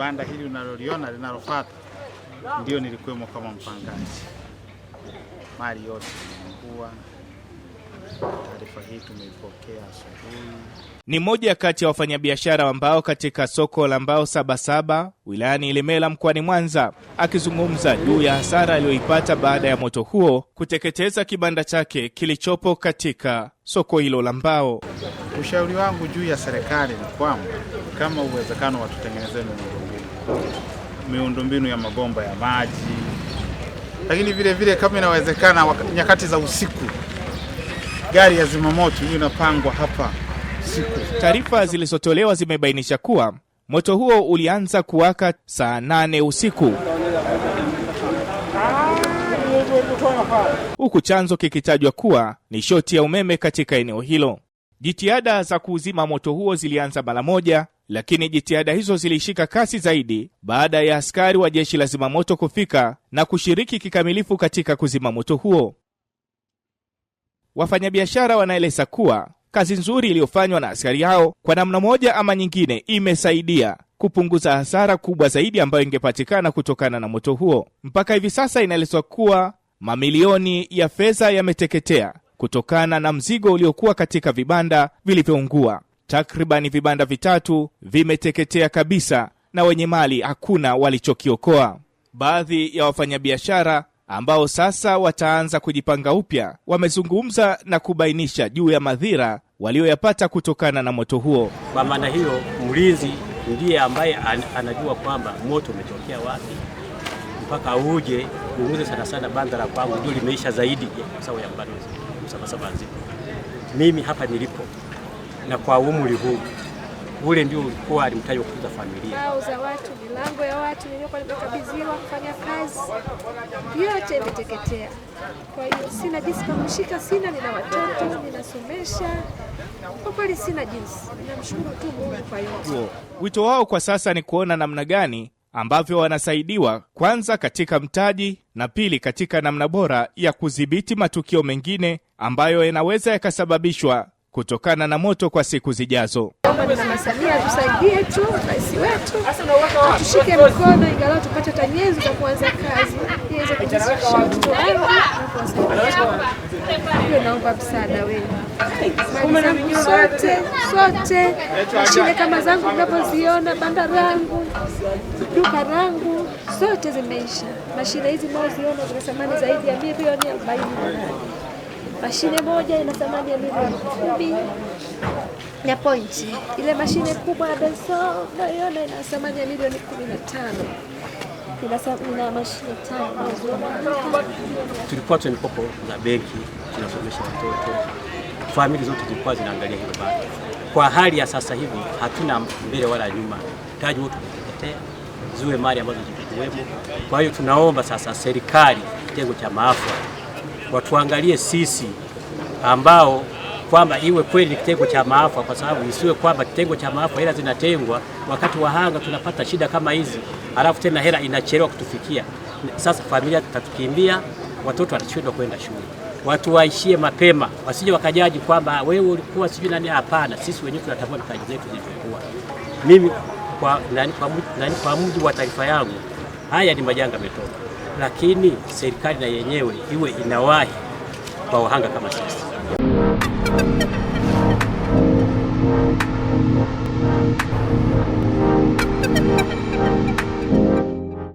banda hili unaloliona linalofuata ndio nilikuwemo kama mpangaji. Mali yote imeungua. Taarifa hii tumeipokea asubuhi. Ni moja kati ya wafanyabiashara wa mbao katika soko la mbao Sabasaba wilayani Ilemela mkoani Mwanza, akizungumza juu ya hasara aliyoipata baada ya moto huo kuteketeza kibanda chake kilichopo katika soko hilo la mbao. Ushauri wangu juu ya serikali ni kwamba kama uwezekano watutengenezeni miundombinu ya mabomba ya maji, lakini vile vile kama inawezekana, nyakati za usiku, gari ya zimamoto hiyo inapangwa hapa usiku. Taarifa zilizotolewa zimebainisha kuwa moto huo ulianza kuwaka saa nane usiku huku chanzo kikitajwa kuwa ni shoti ya umeme katika eneo hilo. Jitihada za kuuzima moto huo zilianza mara moja lakini jitihada hizo zilishika kasi zaidi baada ya askari wa jeshi la zimamoto kufika na kushiriki kikamilifu katika kuzima moto huo. Wafanyabiashara wanaeleza kuwa kazi nzuri iliyofanywa na askari hao kwa namna moja ama nyingine imesaidia kupunguza hasara kubwa zaidi ambayo ingepatikana kutokana na moto huo. Mpaka hivi sasa inaelezwa kuwa mamilioni ya fedha yameteketea kutokana na mzigo uliokuwa katika vibanda vilivyoungua takribani vibanda vitatu vimeteketea kabisa na wenye mali hakuna walichokiokoa. Baadhi ya wafanyabiashara ambao sasa wataanza kujipanga upya wamezungumza na kubainisha juu ya madhira walioyapata kutokana na moto huo. Kwa maana hiyo, mlinzi ndiye ambaye an, anajua kwamba moto umetokea wapi mpaka uje uuze. Sana sana banda la kwangu ndio limeisha zaidi ya sawa ya mbanuzi msabasaba nzima mimi hapa nilipo na kwa umri huu ule ndio ulikuwa alimtaja kukuza familia au za watu, milango ya watu niliyokuwa nimekabidhiwa kufanya kazi yote imeteketea. Kwa hiyo sina jinsi kumshika, sina nina watoto ninasomesha, kwa kweli sina jinsi. Namshukuru tu Mungu kwa yote. Wito wao kwa sasa ni kuona namna gani ambavyo wanasaidiwa kwanza katika mtaji na pili katika namna bora ya kudhibiti matukio mengine ambayo yanaweza yakasababishwa kutokana na moto kwa siku zijazo. Mama Samia tusaidie tu, rais wetu atushike mkono, ingalau tupate hata nyenzo za kuanza kazi iweze kujisisha watoto wangu hiyo. Naomba msaada wenu sote sote, mashine kama zangu mnavyoziona, banda rangu, duka rangu, zote zimeisha. Mashine hizi mnaoziona zina thamani zaidi ya milioni arobaini na nane. Mashine moja ina thamani ya milioni kumi na pointi. Ile mashine kubwa ya Benso naiona ina thamani ya milioni kumi na tano ina mashine tano. Tulikuwa tuna mikopo za benki tunasomesha watoto, familia zote zilikuwa zinaangalia hilo bado. Kwa hali ya sasa hivi hatuna mbele wala nyuma, mtaji wote umeteketea, ziwe mali ambazo zilikuwemo. Kwa hiyo tunaomba sasa serikali, kitengo cha maafa watuangalie sisi ambao kwamba iwe kweli ni kitengo cha maafa, kwa sababu isiwe kwamba kitengo cha maafa hela zinatengwa wakati wahanga tunapata shida kama hizi, alafu tena hela inachelewa kutufikia. Sasa familia zitatukimbia watoto watashindwa kwenda shule. Watu waishie mapema, wasije wakajaji kwamba ah, wewe ulikuwa sijui nani. Hapana, sisi wenyewe tunatambua mitaji zetu zilivyokuwa. Mimi kwa, nani, kwa, mujibu wa taarifa yangu haya ni majanga metoka lakini serikali na yenyewe iwe inawahi kwa wahanga kama sisi.